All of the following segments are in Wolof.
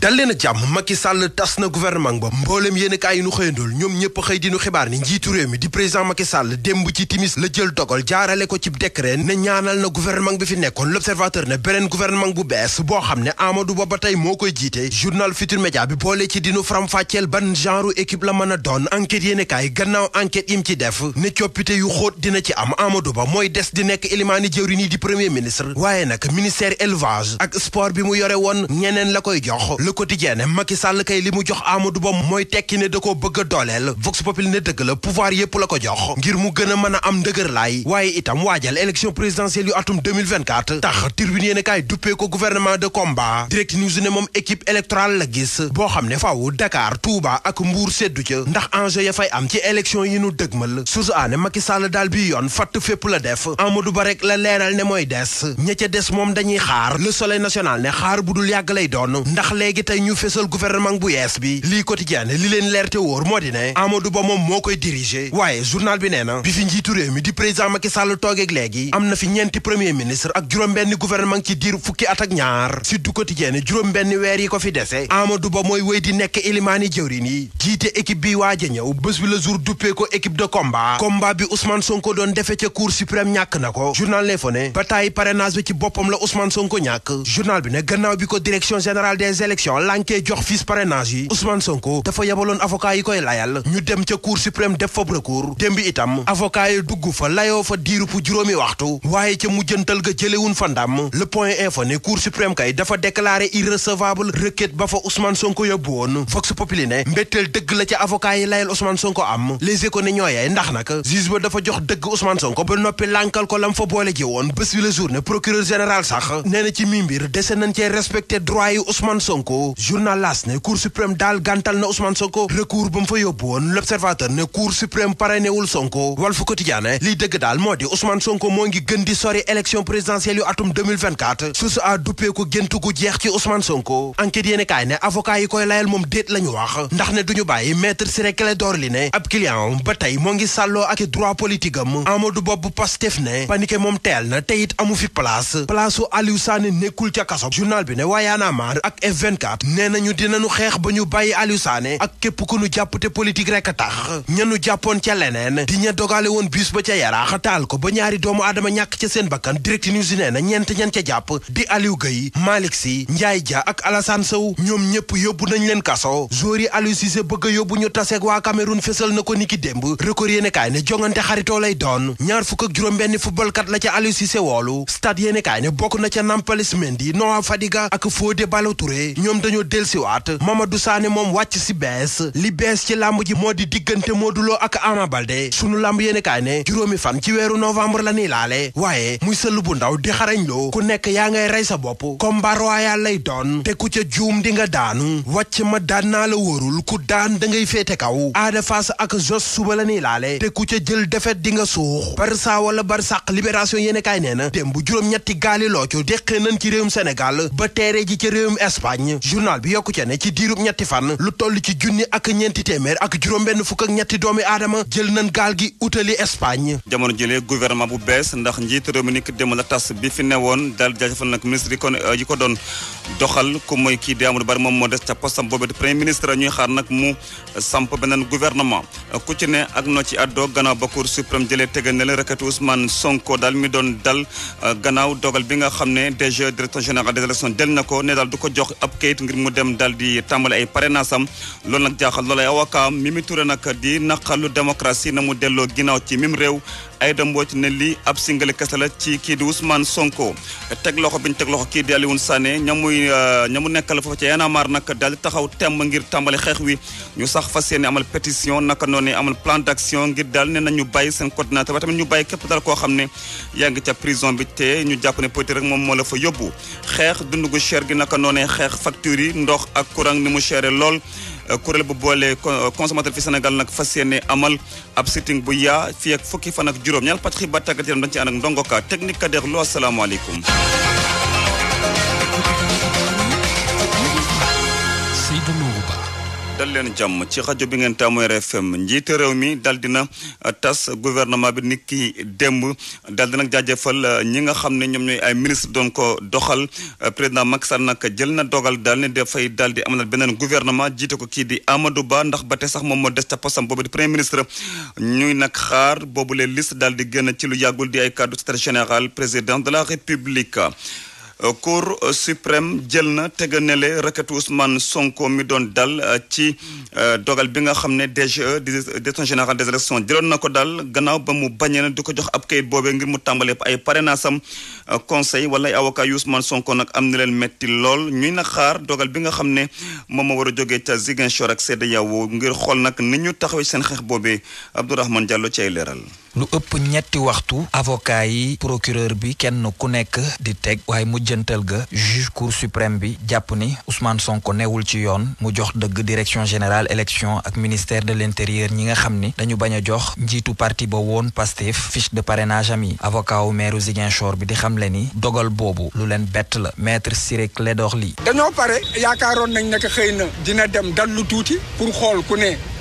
dal leen jàmm Macky Sall tas na gouvernement ba mbooleem yéen yi nu xëyandool ñoom ñëpp xëy dinu xibaar ni njiitu réew mi di président Macky démb ci timis la jël dogal jaarale ko ci décret ne ñaanal na gouvernement bi fi nekkoon l'observateur ne beneen gouvernement bu bees boo xam ne Amadou Ba ba tey moo koy jiite journal Futur Média bi boole ci dinu faram-fàcceel ban genre équipe la mën a doon enquête yéen kaay gannaaw enquête yim ci def ne coppite yu xóot dina ci am Amadou Ba mooy des di nekk élimaani jëwriñ di premier ministre waaye nag ministère élevage ak sport bi mu yore woon ñeneen la koy jox le quotidien Macky Sall kay li mu jox Amadou Ba mooy tekki ne da ko bëgg a dooleel Vox Populi ne dëgg la pouvoir yépp la ko jox ngir mu gën a mën a am ndëgër laay waaye itam waajal élection présidentielle yu atum 2024 tax tribune yéen kaay duppee ko gouvernement de combat direct news ne moom équipe électorale la gis boo xam ne faaw Dakar Touba ak mbuur seddu ca ndax enjeu ya fay am ci élection yi nu dëgmal susu aane Macky Sall daal bi yoon fatt fépp la def Amadou Ba rek la leeral ne mooy des ña ca des moom dañuy xaar le soleil national ne xaar bu dul yàgg lay doon ndax léegi tey ñu fésal gouvernement bu yees bi lii quotidien li leen leer te wóor moo di ne Amadou Ba moom moo koy diriger waaye journal bi nee na bi fi njiitu réew mi di président Macky Sall toogeeg léegi am na fi ñeenti premier ministre ak juróom-benn gouvernement ci diir fukki at ak ñaar Sud Quotidien juróom-benn weer yi ko fi dese Amadou Ba mooy wéy di nekk ilimaani jëwrin yi jiite équipe bi waaj a ñëw bés bi la jour duppee ko équipe de combat combat bi Ousmane Sonko doon defee ca cour suprême na ko journal l'info ne ci boppam la Ousmane Sonko ñàkk journal bi ne gannaaw bi ko direction des élections lankee jox fis parrainage yi Ousmane Sonko dafa yabaloon avocat yi koy layal ñu dem ca cour suprême def fab recours démb itam avocat yi dugg fa layoo fa diiru pu juróomi waxtu waaye ca mujjantal ga jëlewun fa ndam le point info ne cour suprême kay dafa déclaré irrecevable requête ba fa Ousmane Sonko yóbbu woon Vox Populi ne mbétteel dëgg la ca avocat yi layal Ousmane Sonko am les éco ne ñooyee ndax nag juge ba dafa jox dëgg Ousmane Sonko ba noppi lànkal Ousmane Sonko a duppee ko gént gu jeex ci Ousmane Sonko enquête yéene kaay ne avocat yi koy layal moom déet la wax ndax ne duñu bàyyi maître Ciré Clédor Ly ne ab client ba tey moo ngi sàlloo ak droit politique am Amadou Bob Pastef ne paniqué moom teel na te amu fi place place u Aliou nekkul ca kaso journal bi ne waayaana ak F24 nee nañu dinañu xeex ba ñu bàyyi Aliou Sané ak képp ku nu jàpp te politique rek a tax ñanu jàppoon ca leneen di ña dogale woon bus ba ca yaraax taal ko ba ñaari doomu aadama ñàkk ca seen bakkan direct news nee ñeent ñan ca jàpp di Aliou Gueye yóbbu a yóbbu ñu taseeg waa Cameroun fésal na ko niki démb record yéene ne jongante xaritoo lay doon ñaar fukk ak juróom-benn footballkat la ca Aliou Cissé woolu stade yéene ne bokk na ca Nampalys Mendy Touré ñoom dañoo dellusiwaat Mamadou Sané moom wàcc si bees li bees ci làmb ji moo di diggante Modou Lo ak Ama Baldé sunu làmb yéene kaay ne juróomi fan ci weeru novembre la ñuy laale waaye muy sëll bu ndaw di xarañ loo ku nekk yaa ngay rey sa bopp combat royal lay doon te ku ca juum di nga daanu wàcc ma daan naa la wóorul ku daan da ngay féete kaw aada fas ak Jos suba la ñuy laale te ku ca jël defet di nga suux barça wala barsàq libération yéene kaay nee na juróom-ñetti gaali ci réewum Sénégal Espagne journal bi yokku ca ne ci diirub ñetti fan lu toll ci junni ak ñeenti téeméer ak juróom-benn fukk ak ñetti doomi aadama jël nañ gaal gi utali Espagne. jamono jëlee gouvernement bu bees ndax njiit réew mi ni dem la tas bi fi newoon daal jaajëfal nag ministre yi ko yi ko doon doxal ku mooy kii di Amadou Barry moom moo des ca postam boobu di premier ministre ñuy xaar nag mu samp beneen gouvernement ku ci ne ak noo ci àddoo gannaaw ba Cour suprême jëlee tegal na doon dal gannaaw dogal bi nga xam ne jox ab kayit ngir mu dem dal di tàmbali ay parrainage am loolu nag jaaxal loolu ay mi mi Touré nag di naqalu démocratie na mu delloo ginnaaw ci mim réew Aïda Mbodj ne lii ab single kese la ci kii di Ousmane Sonko teg loxo bi ñu teg loxo kii di Alioune Sané ña muy euh, ña mu nekkal foofu ca yanamar nag daal taxaw temm ngir tàmbali xeex wi ñu sax fas yéene amal pétition naka noonu amal plan d'action ngir daal ne nañu bàyyi seen coordinateur ba tamit ñu bàyyi képp daal koo xam ne yaa ngi ca prison bi te ñu jàpp ne politique rek moom moo la fa yóbbu xeex dund gu cher gi naka noonu xeex facture yi ndox ak courant ni mu chéré lool Euh, kuréel bu boole euh, consommateur fi Sénégal nag fas yéene amal ab sitting bu yaa fii ak fukki fan ak juróom ñaar pàcc ba tàggat yaram dañ ci ànd ak ndongo ka technique Kader Lo asalaamaaleykum. leen jàmm ci rajo bi ngeen taamu RFM njiite réew mi dal dina uh, tas gouvernement bi nit ki démb dal di nag jaajëfal uh, ñi nga xam ne ñoom ñooy ay ministre doon ko doxal uh, président Macky Sall nag jël na dogal daal ne dafay daal di am amal beneen gouvernement jiite ko kii di Amadou Ba ndax ba te sax moom moo des ca posam boobu di premier ministre ñuy nag xaar boobu le list daal di génn ci lu yàggul di ay cadre secrétaire général président de la république Euh, cour euh, suprême jël na tega nele requêtu Ousmane Sonko mi doon dal euh, ci dogal bi nga xam ne DGE e, direction générale des élections jëloon na ko dal gannaaw ba mu bañee na di ko jox ab kayit boobee ngir mu tàmbalee ay parrainage am conseil wala ay avocat yu Ousmane Sonko nag am na leen metti lool ñuy na xaar dogal bi nga xam ne moom moo war a jógee ca Ziguinchor ak CEDEAO ngir xool nag ni ñu taxawee seen xeex boobee Abdourahmane Diallo ci ay leeral lu ëpp ñetti waxtu avocat yi procureur bi kenn ku nekk di teg waaye mujjantal ga juge cour suprême bi jàpp ni Ousmane Sonko newul ci yoon mu jox dëgg direction générale élection ak ministère de l'intérieur ñi nga xam ni dañu bañ a jox njiitu parti ba woon Pastef fiche de parrainage am yi avocat wu maire Ziguinchor bi di xam le ni dogal boobu lu leen bett la maître Ciré Clédor Ly dañoo pare yaakaaroon nañ ne xëy na dina dem dallu tuuti pour xool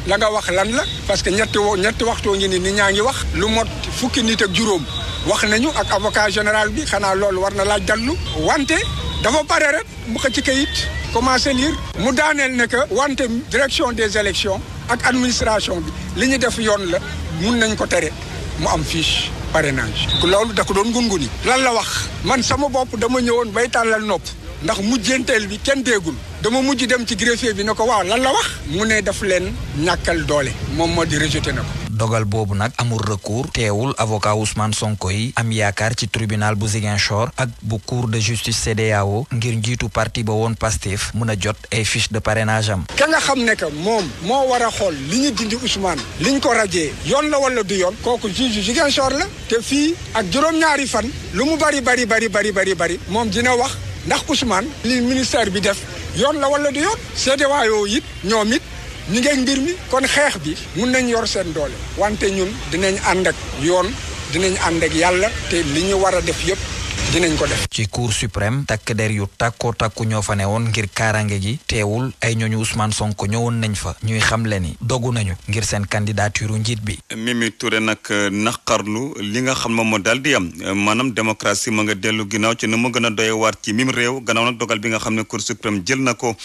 la nga wax lan la parce que ñetti wo ñetti waxtoo ngi ni ñaa ngi wax lu mot fukki nit ak juróom wax nañu ak avocat général bi xanaa loolu war na laaj dallu wante dafa pare rek mu ko ci kayit commencé lire mu daaneel ne que wante direction des élections ak administration bi li ñu def yoon la mun nañ ko tere mu am fiche parrainage loolu da ko doon ngunguni lan la wax man sama bopp dama ñëwoon bay tàllal nopp ndax mujjanteel bi kenn déegul dama mujj dem ci greffier bi ne ko waaw lan la wax mu ne daf leen ñàkkal doole moom moo di rejeté na ko dogal boobu nag amul recours teewul avocat Ousmane Sonko yi am yaakaar ci tribunal bu Ziguinchor ak bu cour de justice CEDEAO ngir njiitu parti ba woon Pastef mën a jot ay fiche de parrainage am. ka nga xam ne que moom moo war a xool li ñu dindi Ousmane li ñu ko rajee yoon la wala du yoon kooku juge Ziguinchor la te fii ak juróom-ñaari fan lu mu bari bari bari bari bari bari moom dina wax. ndax Ousmane li ministère bi def yoon la wala du yoon seedewaayoo it ñoom it ñi ngeeg mbir mi kon xeex bi mun nañ yor seen doole wante ñun dinañ ànd ak yoon dinañ ànd ak yàlla te li ñu war a def yëpp dinañ ko def. ci cour suprême takk der yu tàkkoo tàkku ñoo fa ne woon ngir kaarange gi teewul ay ñooñu Ousmane Sonko ñëwoon nañ fa ñuy xamle ni dogu nañu ngir seen candidature njiit bi. Mimi Touré nag euh, naqarlu li nga xam moom moo daal di am euh, maanaam démocratie ma nga dellu ginnaaw ci nu mu gën a doy waar ci mim réew gannaaw nag dogal bi nga xam ne cour suprême jël na ko.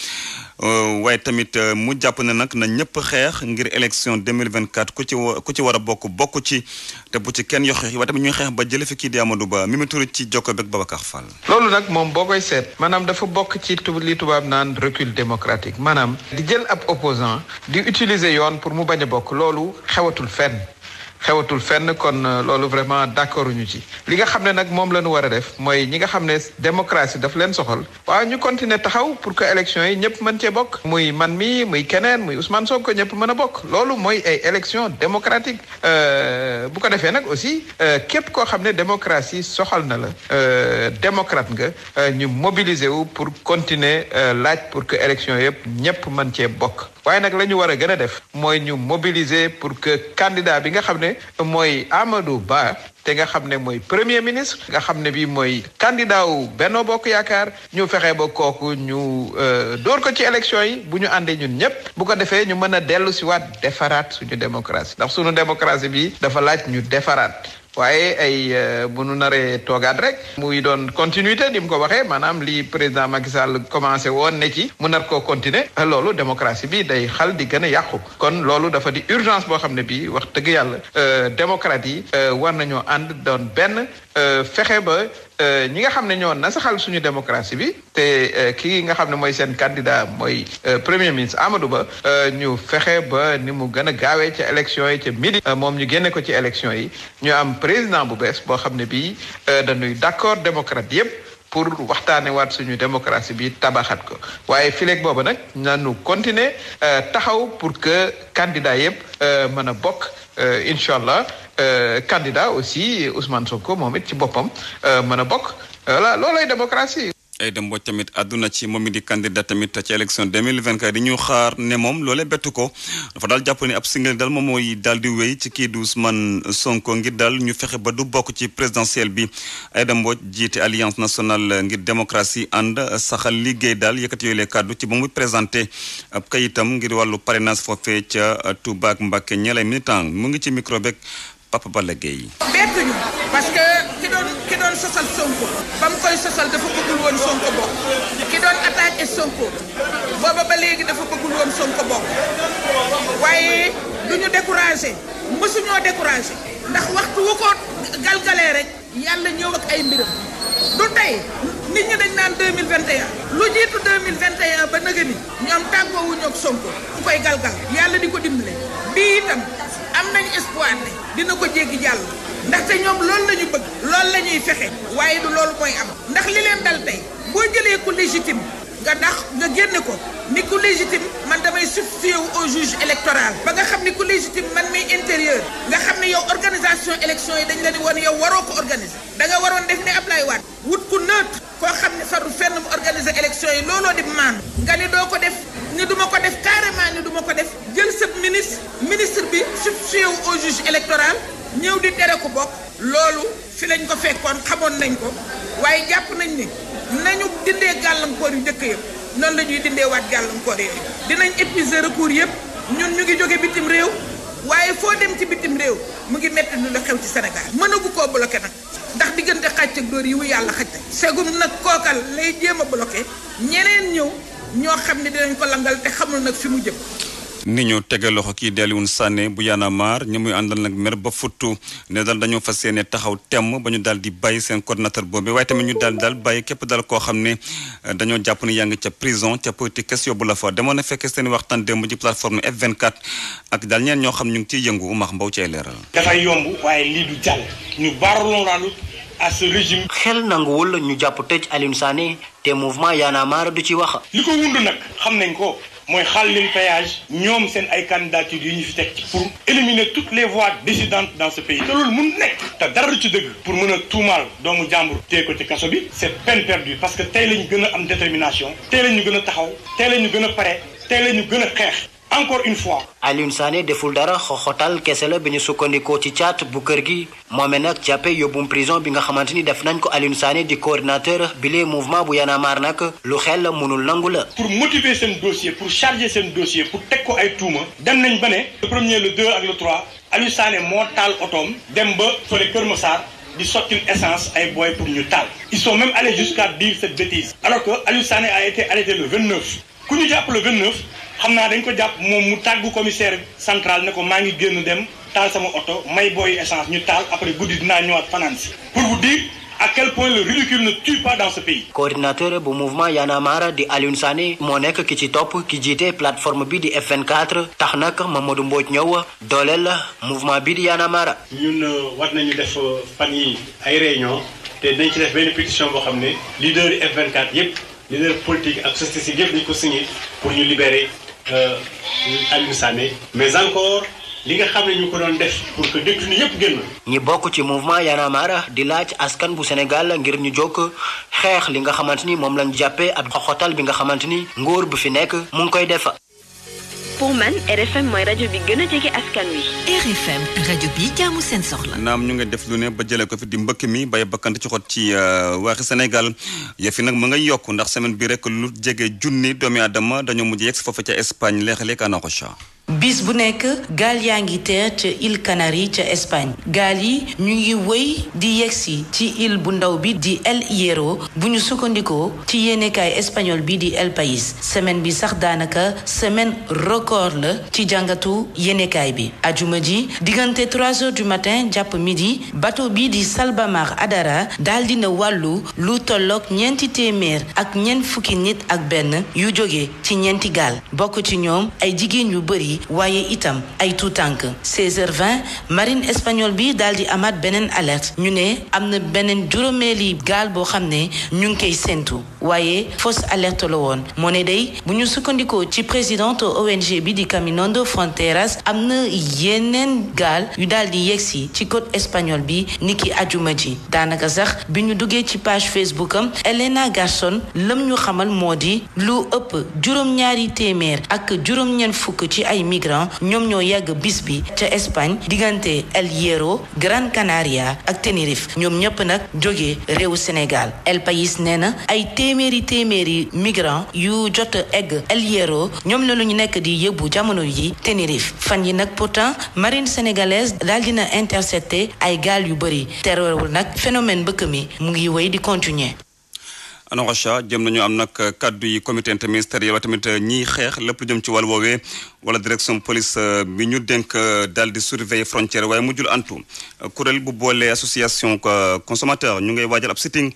Euh, waaye tamit mu jàpp ne nag na ñëpp xeex ngir élection 2024 ku ci ku ci war a bokk bokk ci te bu ci kenn yoxe wa tamit ñuy xeex ba jële fi kii di Amadou Ba Mimi Touré ci jokko bek Babacar Fall loolu nag moom boo koy seet maanaam dafa bokk ci li tubaab naan recul démocratique maanaam di jël ab opposant di utiliser yoon pour mu bañ a bokk loolu xewatul fenn xewatul fenn kon euh, loolu vraiment d'accord ñu ci li nga xam ne nag moom la ñu war a def mooy ñi nga xam ne démocratie daf leen soxal waaw ñu continuer taxaw pour que élection yi ñëpp mën cee bokk muy man mi muy keneen muy Ousmane Sonko ñëpp mën a bokk loolu mooy ay élection démocratique euh, bu ko defee nag aussi euh, képp koo xam ne démocratie soxal na la démocrate nga ñu mobiliser wu pour continuer laaj pour que élection yëpp ñëpp mën cee bokk waaye nag la war a gën a def mooy ñu bi nga xam ne ne mooy Amadou Ba te nga xam ne mooy premier ministre nga xam ne bii mooy candidat wu Benno Bokk Yaakaar ñu fexe ba kooku ñu euh, dóor ko ci élection yi bu ñu àndee ñun ñëpp bu ko defee ñu mën a dellu si waat defaraat suñu démocratie ndax suñu démocratie bi dafa laaj ñu defaraat waaye ay euh, bu nu naree toogaat rek muy doon continuité ni mu ko waxee maanaam li président Macky Sall commencé woon ne ci mu nar koo continuer loolu démocratie bi day xal di gën a yàqu kon loolu dafa di urgence boo xam ne bii wax dëgg yàlla euh, démocrate yi euh, war nañoo ànd doon benn Euh, fexe ba euh, ñi nga xam ne ñoo nasaxal suñu démocratie bi te euh, kii nga xam ne mooy seen candidat mooy premier ministre amadu Ba ñu fexe ba ni mu gën a gaawee ci élection yi ca midi moom ñu génne ko ci élection yi ñu am président bu bees boo xam ne bii dañuy d'accord démocrate yépp pour waxtaane waat suñu démocratie bi tabaxat ko waaye fileeg booba nag nanu continuer taxaw pour que candidat yépp mën a bokk incha allah Euh, candidat aussi Ousmane Sonko moom it ci boppam euh, mën a bokk voilà euh, loolay démocratie. ay dem boo tamit àdduna ci moom mi di candidat tamit ci élection 2024 di ñu xaar ne moom loole bettu ko dafa daal jàpp ne ab single daal moom mooy daal di wéy ci kii di Ousmane Sonko ngir daal ñu fexe ba du bokk ci présidentielle bi ay dem jiite alliance nationale ngir démocratie ànd saxal liggéey daal yëkkati yooyu lee kàddu ci ba mu présenté ab kayitam ngir wàllu parrainage foofee ca Touba ak Mbacké ña mu ngi ci micro Papa Balla Gueye. bettuñu parce que ki doon sosal Sonko. ba mu koy sosal dafa bëggul woon Sonko bokk. ki doon attaqué Sonko. booba ba léegi dafa bëggul woon Sonko bokk. waaye du ñu découragé mësuñoo découragé. ndax waxtu wu ko galgalee rek. yàlla ñëw ak ay mbiram. du tey nit ñi dañ naan 2021 lu jiitu 2021 ba nëgë ñoom tàggoowuñu Sonko ku koy galgal yàlla di ko dimbale bii itam am nañ espoir ne dina ko jéggi jàll ndaxte ñoom loolu la ñu bëgg loolu la ñuy fexe waaye du loolu koy am ndax li leen dal tey boo jëlee ku légitime nga ndax nga génne ko ni ku légitime man damay substitué wu au juge électoral ba nga xam ni ku légitime man mi intérieur nga xam ne yow organisation élection yi dañ la ni woon yow waroo ko organiser danga nga waroon def ne Ablaye waat wut ku neutre koo xam ne faru fenn mu organiser élection yi looloo di maan nga ni doo ko def ni duma ko def carrément duma ko def justice ministre bi substitué wu au juge ñëw di tere ku bokk loolu fi lañ ko fekkoon xamoon nañ ko waaye jàpp nañ ni nañu dindee gàllankoor yu njëkk yëpp noonu la ñuy dindee waat gàllankoor yooyu dinañ épuiser recours yëpp ñun ñu ngi jóge bitim réew waaye foo dem ci bitim réew mu ngi metti lu la xew ci Sénégal mënagu koo bloqué nag ndax diggante xàcc ak dóor yi wu yàlla xaj na segum nag kookal lay jéem a bloqué ñeneen ñëw ñoo xam ne dinañ ko langal te xamul nag fi mu jëm ni ñu tege loxo kii di Alioune Sané bu Y'en a ñu muy àndal nag mer ba futtu ne daal dañoo fas yéene taxaw temm ba ñu daal di bàyyi seen coordinateur boobu waaye tamit ñu daal daal bàyyi képp daal koo xam ne euh, dañoo jàpp ne yaa ngi ca te mouvement Y'en a du ci wax. li ko wund nag xam nañ ko mooy xal xàllil péage ñoom seen ay candidature yu ñu fi teg pour éliminer toutes les voies dissidentes dans ce pays te loolu mun nekk te dara ci dëgg pour mën a tuumaal doomu jàmbur téye ko ci kaso bi c'est peine perdue parce que tey la ñu gën a am détermination tey la ñu gën a taxaw tey la ñu gën a pare tey la ñu gën a xeex encore une fois. Alioune Sané deful dara xoxotal kese la bi ñu sukkandikoo ci caat bu kër gi moomee nag jàppe yóbbum prison bi nga xamante ni def nañ ko Alioune Sané di coordinateur bile mouvement bu Y'en a nag lu xel la mënul nangu la. pour motiver seen dossier pour charger seen dossier pour teg ko ay tuuma dem nañ ba ne. le premier le deux ak le trois Alioune Sané moo taal otoom dem ba fële Kër Massar di sotti essence ay boy pour ñu taal. il sont même allés jusqu'à dire cette bêtise. alors que Alioune Sané a été arrêté xam naa dañ ko jàpp moom mu tàggu commissaire central ne ko maa ngi génn dem taal sama oto may booy essence ñu taal après guddi dinaa ñëwaat fanaan si pour vous dire à quel point le ridicule ne tue pas dans ce pays. coordinateur bu mouvement Y'en a marre di Alioune Sané moo nekk ki ci topp ki jiite plateforme bi di F24 tax nag Mamadou Mbodj ñëw dooleel mouvement bi di Y'en a ñun euh, war nañu def euh, fan yi ay réunion te dañ ci def benn pétition boo xam ne leader yi yëpp leader ak société yëpp dañ ko signé pour ñu libérer. Euh, Aliou Sané mais encore li nga xam ne ñu ko doon def pour que détenu yëpp génn. ñi bokk ci mouvement Y'en di laaj askan bu Sénégal ngir ñu jokk xeex li nga xamante ni moom lañ jàppee at xoxotal bi nga xamante ni nguur bu fi nekk mu ngi koy defa pour RFM rajo bi gën seen soxla. naam ñu nga def lu ne ba jëlee ko fi di mbëkk mi bay bakkant ci xot ci euh, waaxi Sénégal yëf yi nag mu ngay yokk ndax semaine bi rek lu jege junni doomi aadama dañoo mujj yegg foofu ca Espagne leexale ak bis bu nekk gaal yaa ngi teer ca île Canaries ca Espagne gaal yi ñu ngi woy di yegsi ci île bu ndaw bi di El Hierro bu ñu sukkandikoo ci yéenekaay espagnol bi di El País semaine bi sax daanaka semaine record la ci jàngatu yéenekaay bi ajuma ji diggante trois heures du matin jàpp midi bateau bi di Salvamar Adara daal dina wàllu lu tollook ñeenti téeméer ak ñeent fukki nit ak benn yu jóge ci ñeenti gaal bokk ci ñoom ay jigéen yu bari waaye itam ay tuutànk 16h20 marine espagnole bi daal di amaat beneen alerte ñu ne am na beneen juróomeeli gaal boo xam ne ñu ngi koy séentu waaye fos alerte la woon moo ne day bu ñu sukkandikoo ci présidente ONG bi di Caminando Fronteras am na yeneen gaal yu daal di yegsi ci côte espagnole bi niki ajuma ji daanaka sax bi ñu duggee ci page Facebook am Elena Garson lëm ñu xamal moo di lu ëpp juróom-ñaari téeméer ak juróom-ñeent fukk ci ay migrants ñoom ñoo yàgg bis bi ca Espagne diggante El Hierro Gran Canaria ak Tenerife ñoom ñëpp nag jóge réewu Sénégal El País nee na ay téeméeri téeméeri migrants yu jot egg El ñoom la lu ñu nekk di yëbbu jamono yi Tenerife fan yi nag pourtant marine sénégalaise daal dina intercepté ay gaal yu bëri terewul nag phénomène bëkk mi mu ngi wéy di continuer anoracha jëm nañu am nag kaddu yi comité interministériel wa tamit ñiy xeex lépp lu jëm ci wàll woowee wala direction police euh, bi ñu dénk euh, daal di surveiller frontière waaye mujjul antu kuréel bu boolee association euh, consommateur ñu ngay waajal ab sitting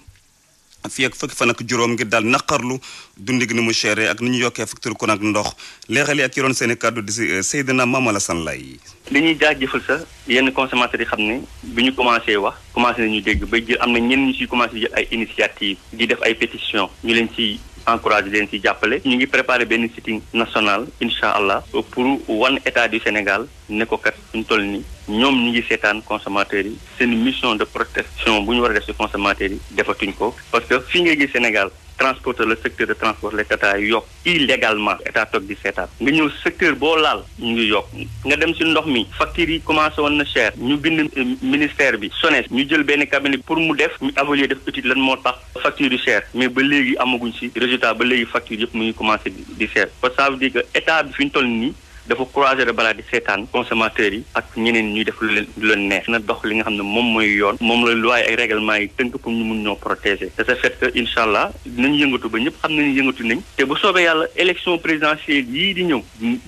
fii ak fukki fan ak juróom ngir daal naqarlu dundi gi ni mu chéré ak ni ñu yokkee facture kon ak ndox leexal yi ak yoroon seen i kàddu di si eh, Seydina Mame san Laye li ñuy jaajëfal sa yenn consommateurs yi xam ne bi ñu commencé wax commencé ñu dégg bay jël am na ñenn ñu siy commencé jël ay initiative di def ay pétition ñu leen ci encouragé leen ci jàppale ñu ngi préparé benn sitting national incha allah pour wan état du Sénégal ne ko kat ñu toll nii ñoom ñu ngi seetaan consommateurs yi seen mission de protection bu ñu war a def si consommateurs yi defatuñ ko parce que fii ngay gis Sénégal transporteur la secteur de transport les tata yokk illégalement état toog di seetaan nga ñëw secteur boo laal ñu ngi yokk nga dem si ndox mi factures yi commencé woon na cher ñu bind ministère bi SONES ñu jël benn cabinet pour mu def ñu évaluer def uti lan moo tax factures yu cher mais ba léegi amaguñ si résultat ba léegi factures yëpp mu ngi commencé di cher parce que état fi ñu toll nii dafa croiser de balaa di seetaan consommateurs yi ak ñeneen ñuy def lu leen neex na dox li nga xam ne moom mooy yoon moom la loi ay yi tënk pour ñu mun ñoo protéger te ce fait que incha yëngatu ba ñëpp xam nañu yëngatu nañ te bu soobee yàlla élection présidentielle yii di ñëw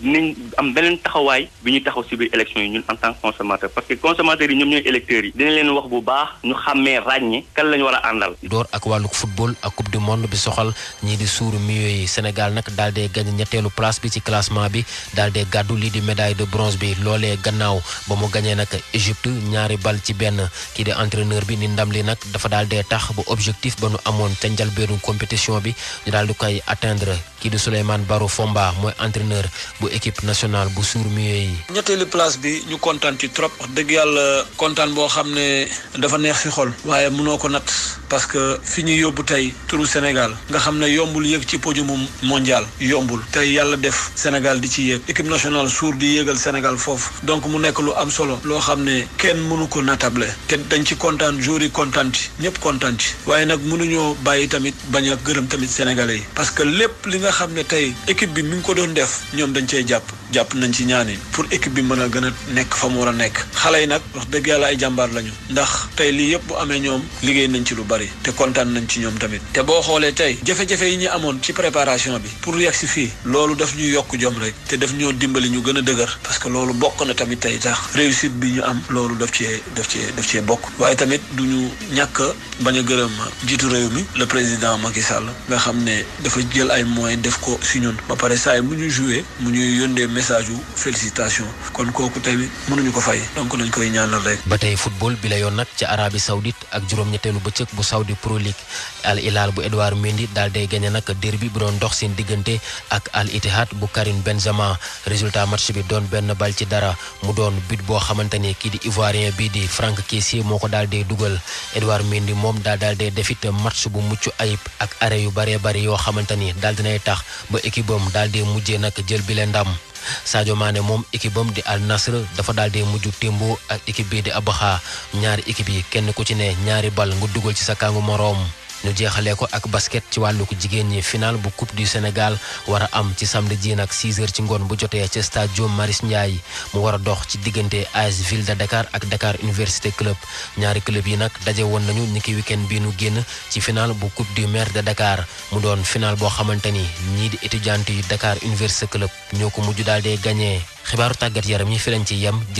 dinañ am beneen taxawaay bi ñu taxaw si biir élection yi ñun en tant que consommateur parce que consommateurs yi ñoom ñooy électeurs yi dinañ leen wax bu baax ñu xàmmee ràññe kan lañu war a àndal door ak wàllu football ak coupe du monde bi soxal ñii di suuru milieu yi Sénégal nag daal dee gagné bi ci classement bi gàddu lii di médaille de bronze bi loolee gannaaw ba mu gañee nag Égypte ñaari bal ci benn kii di entraîneur bi ni ndam li nag dafa daal dee tax ba objectif ba nu amoon ca njalbeenu compétition bi ñu daal di koy atteindre kii di Souleymane Barro Fomba mooy entraîneur bu équipe nationale bu suur muyee yi. ñetteelu place bi ñu kontaan ci trop dëgg yàlla kontaan boo xam ne dafa neex fi xol waaye mënoo ko nat parce que fi ñu yóbbu tey turu Sénégal nga xam ne yombul yëg ci podium mondial yombul tey yàlla def Sénégal di ci national suur di yéegal Sénégal foofu donc mu nekk lu am solo loo xam ne kenn mënu ko natable te dañ ci kontaan jour yi kontaan ci ñëpp kontaan waaye nag mënuñoo bàyyi tamit bañ a gërëm tamit sénégalais yi parce que lépp li nga xam ne tey équipe bi mi ngi ko doon def ñoom dañ cee jàpp jàpp nañ ci ñaan yi pour équipe bi mën a gën a nekk fa mu war a nekk xale yi nag wax dëgg yàlla ay jàmbaar lañu ndax tey lii yëpp amee ñoom liggéey nañ ci lu bari te kontaan nañ ci ñoom tamit te boo xoolee tey jafe-jafe yi ñu amoon ci préparation bi pour yegg si fii loolu daf ñu yokk jom rek te daf ñoo dimbali ñu gën a dëgër parce que loolu bokk na tamit tey tax réussite bi ñu am loolu daf cee daf cee daf cee bokk waaye tamit du ñu ñàkk bañ a gërëm jiitu réew mi le président Macky Sall nga xam ne dafa jël ay moyens def ko si ñun ba pare saa yi mu ñu joué mu ñuy yóndee message yu félicitation kon kooku tamit mënuñu ko fay donc nañ koy ñaanal rek. ba tey futbool bi la yoon nag ci Arabie Saoudite ak juróom-ñetteelu bëccëg bu Saudi Pro League Al ilaal bu Edouard Mendy daal day gagné nag derby bu doon dox seen diggante ak Al Ittihad bu Karim Benzema résultat match bi doon benn bal ci dara mu doon bit boo xamante ni kii di Ivoirien bii di Franck Kessié moo ko daal dee dugal Edouard Mendy moom daal daal dee defit match bu mucc ayib ak arrêt yu bare bare yoo xamante ni daal dinay tax ba équipe am daal dee mujjee nag jël bi leen ndam Sadio Mané moom équipe bam di Al Nasr dafa daal di mujj témboo ak équipe bii di Abaxa ñaari équipe yi kenn ku ci ne ñaari bal nga dugal ci sa kàngu moroom ñu jeexalee ko ak basket ci wàllu jigéen ñi finaal bu coupe du Sénégal war am ci samedi ji nag 6 heures ci ngoon bu jotee ca stade Diop Maris Ndiaye mu war a dox ci diggante AS Ville de Dakar ak Dakar Université Club ñaari club yi nag daje woon nañu ni ki week-end bii nu génn ci final bu coupe du maire de Dakar mu doon final boo xamante ni ñii di étudiante yu Dakar Université Club ñoo ko mujj daal dee gagné xibaaru tàggat yaram yi fi ci yem